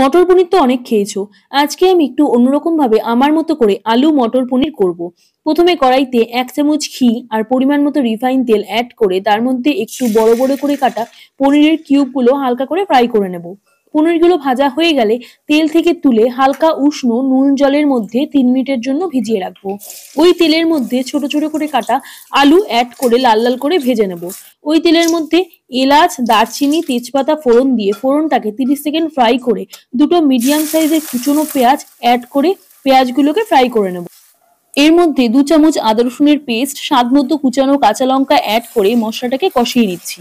মটর পনির তো অনেক খেয়েছো আজকে আমি একটু অন্যরকম ভাবে আমার মতো করে আলু মটর পনির করব। প্রথমে কড়াইতে এক চামচ ঘি আর পরিমাণ মতো রিফাইন তেল অ্যাড করে তার মধ্যে একটু বড় বড় করে কাটা পনিরের কিউবগুলো হালকা করে ফ্রাই করে নেবো পনিরগুলো ভাজা হয়ে গেলে তেল থেকে তুলে হালকা উষ্ণ নুন জলের মধ্যে তিন মিনিটের জন্য ভিজিয়ে রাখবো ওই তেলের মধ্যে ছোট ছোট করে কাটা আলু অ্যাড করে লাল লাল করে ভেজে নেব ওই তেলের মধ্যে এলাচ দারচিনি তেজপাতা ফোড়ন দিয়ে ফোড়নটাকে তিরিশ সেকেন্ড ফ্রাই করে দুটো মিডিয়াম সাইজের কুচনো পেঁয়াজ অ্যাড করে পেঁয়াজগুলোকে ফ্রাই করে নেব এর মধ্যে দু চামচ আদা রসুনের পেস্ট স্বাদ মতো কুচানো কাঁচা লঙ্কা অ্যাড করে মশলাটাকে কষিয়ে নিচ্ছি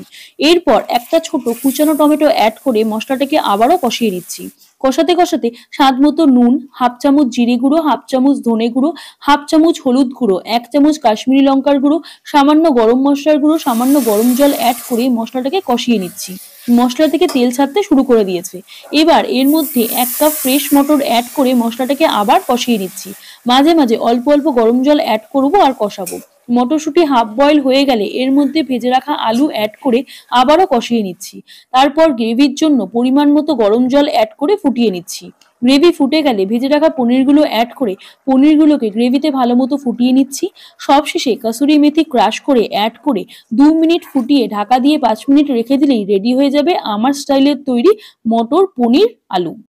এরপর একটা ছোট কুচানো টমেটো অ্যাড করে মশলাটাকে আবারও কষিয়ে নিচ্ছি কষাতে কষাতে স্বাদ মতো নুন হাফ চামচ জিরে গুঁড়ো হাফ চামচ ধনে গুঁড়ো হাফ চামচ হলুদ গুঁড়ো এক চামচ কাশ্মীরি লঙ্কার গুঁড়ো সামান্য গরম মশলার গুঁড়ো সামান্য গরম জল অ্যাড করে মশলাটাকে কষিয়ে নিচ্ছি মশলা থেকে তেল ছাড়তে শুরু করে দিয়েছে এবার এর মধ্যে এক কাপ ফ্রেশ মটর অ্যাড করে মশলাটাকে আবার কষিয়ে নিচ্ছি মাঝে মাঝে অল্প অল্প গরম জল অ্যাড করব আর কষাবো মটরশুঁটি হাফ বয়েল হয়ে গেলে এর মধ্যে ভেজে রাখা আলু অ্যাড করে আবারও কষিয়ে নিচ্ছি তারপর গ্রেভির জন্য পরিমাণ মতো গরম জল অ্যাড করে ফুটিয়ে নিচ্ছি গ্রেভি ফুটে গেলে ভেজে রাখা পনিরগুলো অ্যাড করে পনিরগুলোকে গ্রেভিতে ভালো মতো ফুটিয়ে নিচ্ছি সবশেষে কাসুরি মেথি ক্রাশ করে অ্যাড করে দু মিনিট ফুটিয়ে ঢাকা দিয়ে পাঁচ মিনিট রেখে দিলেই রেডি হয়ে যাবে আমার স্টাইলের তৈরি মটর পনির আলু